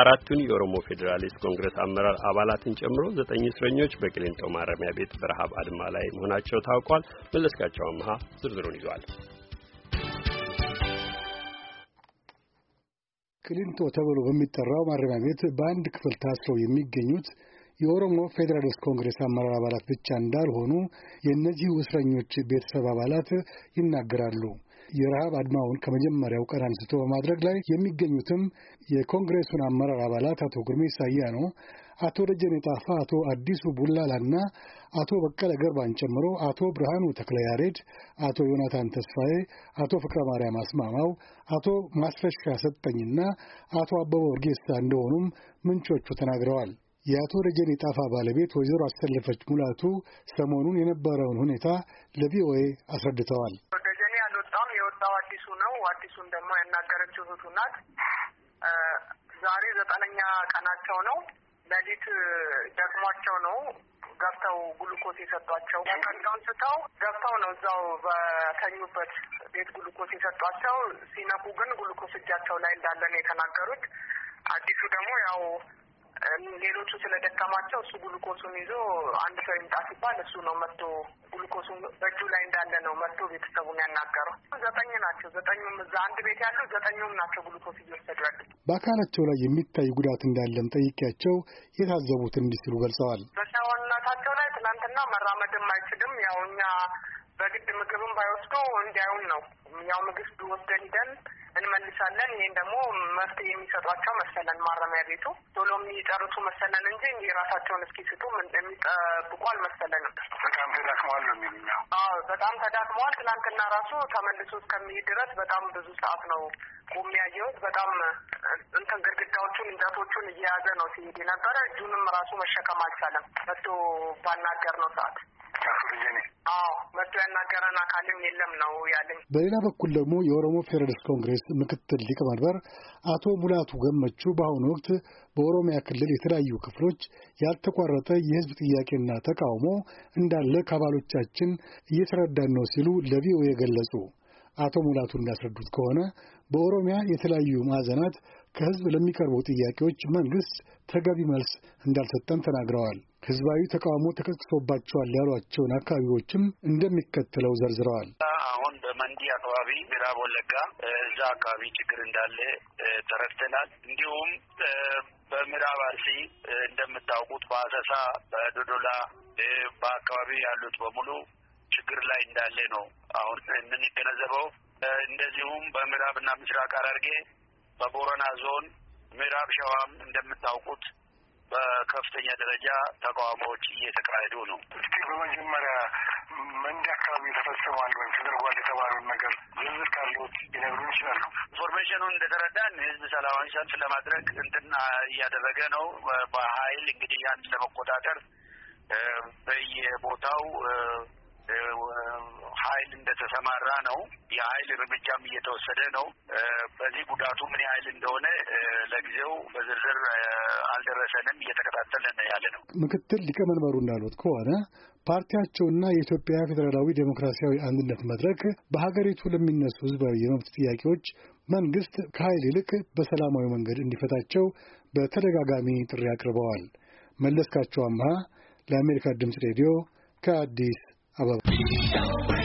አራቱን የኦሮሞ ፌዴራሊስት ኮንግረስ አመራር አባላትን ጨምሮ ዘጠኝ እስረኞች በክሊንቶ ማረሚያ ቤት በረሃብ አድማ ላይ መሆናቸው ታውቋል። መለስካቸው አምሃ ዝርዝሩን ይዟል። ቂሊንጦ ተብሎ በሚጠራው ማረሚያ ቤት በአንድ ክፍል ታስረው የሚገኙት የኦሮሞ ፌዴራሊስት ኮንግሬስ አመራር አባላት ብቻ እንዳልሆኑ የእነዚህ እስረኞች ቤተሰብ አባላት ይናገራሉ። የረሃብ አድማውን ከመጀመሪያው ቀን አንስቶ በማድረግ ላይ የሚገኙትም የኮንግሬሱን አመራር አባላት አቶ ጉርሜሳ አያኖ፣ አቶ ደጀኔ ጣፋ፣ አቶ አዲሱ ቡላላና አቶ በቀለ ገርባን ጨምሮ አቶ ብርሃኑ ተክለ ያሬድ፣ አቶ ዮናታን ተስፋዬ፣ አቶ ፍቅረ ማርያም አስማማው፣ አቶ ማስረሻ ሰጠኝና አቶ አበበ ወርጌሳ እንደሆኑም ምንጮቹ ተናግረዋል። የአቶ ደጀኔ ጣፋ ባለቤት ወይዘሮ አሰለፈች ሙላቱ ሰሞኑን የነበረውን ሁኔታ ለቪኦኤ አስረድተዋል። ደጀኔ ያልወጣም የወጣው አዲሱ ነው። አዲሱን ደግሞ ያናገረችው እህቱ ናት። ዛሬ ዘጠነኛ ቀናቸው ነው። ሌሊት ደግሟቸው ነው ገብተው ግሉኮስ የሰጧቸው ቀንዳውን ስተው ገብተው ነው እዛው በተኙበት ቤት ግሉኮስ የሰጧቸው። ሲነቁ ግን ጉልኮስ እጃቸው ላይ እንዳለ ነው የተናገሩት። አዲሱ ደግሞ ያው ሌሎቹ ስለደከማቸው እሱ ጉልኮሱን ይዞ አንድ ሰው ይምጣ ሲባል እሱ ነው መጥቶ ጉልኮሱን በእጁ ላይ እንዳለ ነው መጥቶ ቤተሰቡን ያናገረው። ዘጠኝ ናቸው። ዘጠኙም እዛ አንድ ቤት ያለው ዘጠኙም ናቸው ጉልኮስ እየወሰዱ ያሉት። በአካላቸው ላይ የሚታይ ጉዳት እንዳለም ጠይቄያቸው የታዘቡት እንዲህ ሲሉ ገልጸዋል። በሰውነታቸው ላይ ትናንትና መራመድም አይችልም ያው እኛ በግድ ምግብም ባይወስዱ እንዲያዩን ነው። ያው ምግብ ወስደን ሂደን እንመልሳለን። ይህን ደግሞ መፍትሄ የሚሰጧቸው መሰለን ማረሚያ ቤቱ ቶሎ የሚጨርሱ መሰለን እንጂ እንዲህ ራሳቸውን እስኪ ስጡ የሚጠብቁ አልመሰለንም። በጣም ተዳክመዋል ነው የሚሉኝ። አዎ በጣም ተዳክመዋል። ትናንትና ራሱ ተመልሶ እስከሚሄድ ድረስ በጣም ብዙ ሰዓት ነው ቆሜ ያየሁት። በጣም እንትን ግድግዳዎቹን እንጨቶቹን እየያዘ ነው ሲሄድ የነበረ። እጁንም ራሱ መሸከም አልቻለም። መቶ ባናገር ነው ሰዓት መጥቶ ያናገረን አካልም የለም ነው ያለኝ። በሌላ በኩል ደግሞ የኦሮሞ ፌዴራሊስት ኮንግሬስ ምክትል ሊቀመንበር አቶ ሙላቱ ገመቹ በአሁኑ ወቅት በኦሮሚያ ክልል የተለያዩ ክፍሎች ያልተቋረጠ የህዝብ ጥያቄና ተቃውሞ እንዳለ ከአባሎቻችን እየተረዳን ነው ሲሉ ለቪኦኤ ገለጹ። አቶ ሙላቱ እንዳስረዱት ከሆነ በኦሮሚያ የተለያዩ ማዕዘናት ከህዝብ ለሚቀርቡ ጥያቄዎች መንግስት ተገቢ መልስ እንዳልሰጠም ተናግረዋል። ህዝባዊ ተቃውሞ ተቀስቅሶባቸዋል ያሏቸውን አካባቢዎችም እንደሚከተለው ዘርዝረዋል። አሁን በመንዲ አካባቢ ምዕራብ ወለጋ እዛ አካባቢ ችግር እንዳለ ተረድተናል። እንዲሁም በምዕራብ አርሲ እንደምታውቁት በአሰሳ፣ በዶዶላ በአካባቢ ያሉት በሙሉ ችግር ላይ እንዳለ ነው አሁን የምንገነዘበው። እንደዚሁም በምዕራብና ምስራቅ ሐረርጌ በቦረና ዞን ምዕራብ ሸዋም እንደምታውቁት በከፍተኛ ደረጃ ተቃውሞዎች እየተካሄዱ ነው። እስኪ በመጀመሪያ መንዲ አካባቢ ተፈጽሟል ወይም ተደርጓል የተባሉን ነገር ዝርዝር ካሉት ሊነግሩን ይችላሉ? ኢንፎርሜሽኑን እንደተረዳን ህዝብ ሰላማዊ ሰልፍ ለማድረግ እንትን እያደረገ ነው። በሀይል እንግዲህ ያን ለመቆጣጠር በየቦታው ኃይል እንደተሰማራ ነው። የኃይል እርምጃም እየተወሰደ ነው። በዚህ ጉዳቱ ምን ያህል እንደሆነ ለጊዜው በዝርዝር አልደረሰንም፣ እየተከታተለን ያለ ነው። ምክትል ሊቀመንበሩ እንዳሉት ከሆነ ፓርቲያቸውና የኢትዮጵያ ፌዴራላዊ ዴሞክራሲያዊ አንድነት መድረክ በሀገሪቱ ለሚነሱ ህዝባዊ የመብት ጥያቄዎች መንግስት ከኃይል ይልቅ በሰላማዊ መንገድ እንዲፈታቸው በተደጋጋሚ ጥሪ አቅርበዋል። መለስካቸው አምሃ ለአሜሪካ ድምፅ ሬዲዮ ከአዲስ Show.